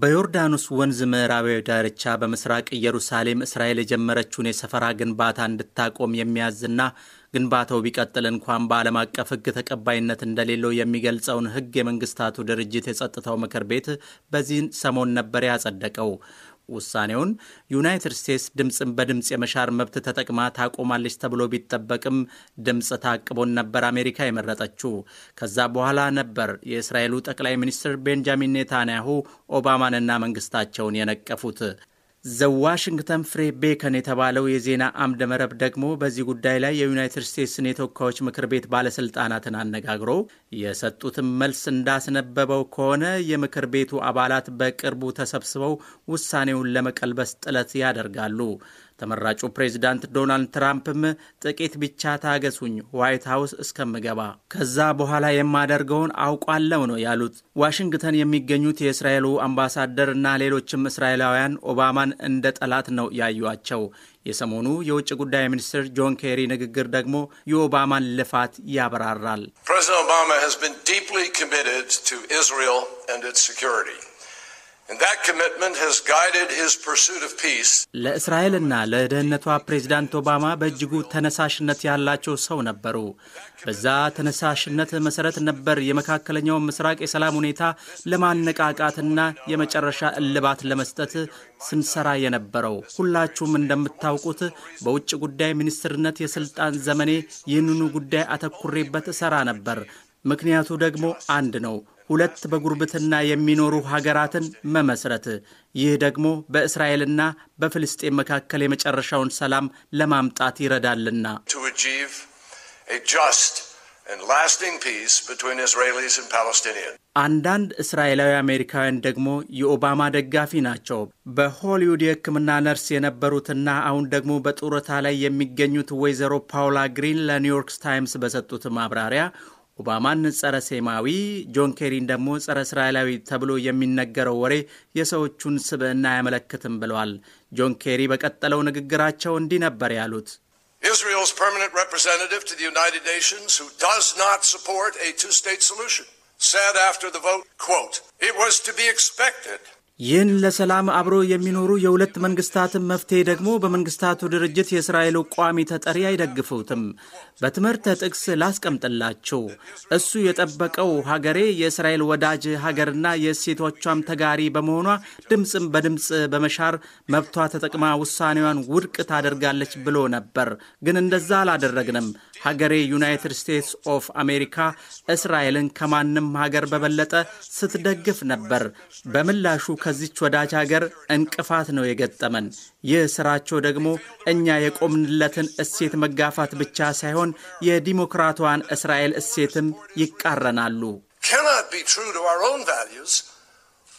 በዮርዳኖስ ወንዝ ምዕራባዊ ዳርቻ በምስራቅ ኢየሩሳሌም እስራኤል የጀመረችውን የሰፈራ ግንባታ እንድታቆም የሚያዝና ግንባታው ቢቀጥል እንኳን በዓለም አቀፍ ሕግ ተቀባይነት እንደሌለው የሚገልጸውን ሕግ የመንግስታቱ ድርጅት የጸጥታው ምክር ቤት በዚህን ሰሞን ነበር ያጸደቀው። ውሳኔውን ዩናይትድ ስቴትስ ድምፅን በድምፅ የመሻር መብት ተጠቅማ ታቆማለች ተብሎ ቢጠበቅም ድምፅ ታቅቦን ነበር አሜሪካ የመረጠችው። ከዛ በኋላ ነበር የእስራኤሉ ጠቅላይ ሚኒስትር ቤንጃሚን ኔታንያሁ ኦባማንና መንግስታቸውን የነቀፉት። ዋሽንግተን ፍሬ ቤከን የተባለው የዜና አምደ መረብ ደግሞ በዚህ ጉዳይ ላይ የዩናይትድ ስቴትስን የተወካዮች ምክር ቤት ባለስልጣናትን አነጋግሮ የሰጡትም መልስ እንዳስነበበው ከሆነ የምክር ቤቱ አባላት በቅርቡ ተሰብስበው ውሳኔውን ለመቀልበስ ጥለት ያደርጋሉ። ተመራጩ ፕሬዚዳንት ዶናልድ ትራምፕም ጥቂት ብቻ ታገሱኝ፣ ዋይት ሀውስ እስከምገባ ከዛ በኋላ የማደርገውን አውቋለው ነው ያሉት። ዋሽንግተን የሚገኙት የእስራኤሉ አምባሳደር እና ሌሎችም እስራኤላውያን ኦባማን እንደ ጠላት ነው ያዩቸው። የሰሞኑ የውጭ ጉዳይ ሚኒስትር ጆን ኬሪ ንግግር ደግሞ የኦባማን ልፋት ያበራራል። ፕሬዚደንት ኦባማ has been deeply committed to Israel and its security. ለእስራኤልና ለደህንነቷ ፕሬዚዳንት ኦባማ በእጅጉ ተነሳሽነት ያላቸው ሰው ነበሩ። በዛ ተነሳሽነት መሰረት ነበር የመካከለኛው ምስራቅ የሰላም ሁኔታ ለማነቃቃትና የመጨረሻ እልባት ለመስጠት ስንሰራ የነበረው። ሁላችሁም እንደምታውቁት በውጭ ጉዳይ ሚኒስትርነት የስልጣን ዘመኔ ይህንኑ ጉዳይ አተኩሬበት እሰራ ነበር። ምክንያቱ ደግሞ አንድ ነው። ሁለት በጉርብትና የሚኖሩ ሀገራትን መመስረት። ይህ ደግሞ በእስራኤልና በፍልስጤን መካከል የመጨረሻውን ሰላም ለማምጣት ይረዳልና አንዳንድ እስራኤላዊ አሜሪካውያን ደግሞ የኦባማ ደጋፊ ናቸው። በሆሊውድ የሕክምና ነርስ የነበሩትና አሁን ደግሞ በጡረታ ላይ የሚገኙት ወይዘሮ ፓውላ ግሪን ለኒውዮርክ ታይምስ በሰጡት ማብራሪያ ኦባማን ጸረ ሴማዊ ጆን ኬሪን ደግሞ ጸረ እስራኤላዊ ተብሎ የሚነገረው ወሬ የሰዎቹን ስብዕና አያመለክትም ብለዋል። ጆን ኬሪ በቀጠለው ንግግራቸው እንዲህ ነበር ያሉት። Israel's permanent representative to the United Nations who does not support a two-state solution said after the vote, quote, it was to be expected ይህን ለሰላም አብሮ የሚኖሩ የሁለት መንግስታትን መፍትሄ ደግሞ በመንግስታቱ ድርጅት የእስራኤሉ ቋሚ ተጠሪ አይደግፉትም። በትምህርተ ጥቅስ ላስቀምጥላችሁ እሱ የጠበቀው ሀገሬ የእስራኤል ወዳጅ ሀገርና የእሴቶቿም ተጋሪ በመሆኗ ድምፅም በድምፅ በመሻር መብቷ ተጠቅማ ውሳኔዋን ውድቅ ታደርጋለች ብሎ ነበር። ግን እንደዛ አላደረግንም። ሀገሬ ዩናይትድ ስቴትስ ኦፍ አሜሪካ እስራኤልን ከማንም ሀገር በበለጠ ስትደግፍ ነበር። በምላሹ ከዚች ወዳጅ ሀገር እንቅፋት ነው የገጠመን። ይህ ስራቸው ደግሞ እኛ የቆምንለትን እሴት መጋፋት ብቻ ሳይሆን የዲሞክራቷን እስራኤል እሴትም ይቃረናሉ።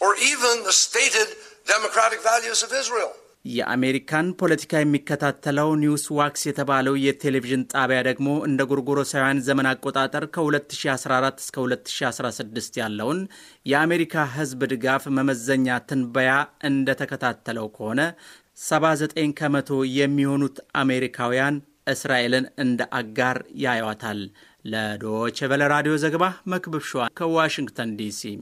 ኦር ኢቨን ስቴትድ ዴሞክራቲክ democratic ኦፍ እስራኤል የአሜሪካን ፖለቲካ የሚከታተለው ኒውስ ዋክስ የተባለው የቴሌቪዥን ጣቢያ ደግሞ እንደ ጎርጎሮሳውያን ዘመን አቆጣጠር ከ2014 እስከ 2016 ያለውን የአሜሪካ ሕዝብ ድጋፍ መመዘኛ ትንበያ እንደተከታተለው ከሆነ 79 ከመቶ የሚሆኑት አሜሪካውያን እስራኤልን እንደ አጋር ያዩዋታል። ለዶቼ ቬለ ራዲዮ ዘገባ መክብብ ሸዋ ከዋሽንግተን ዲሲ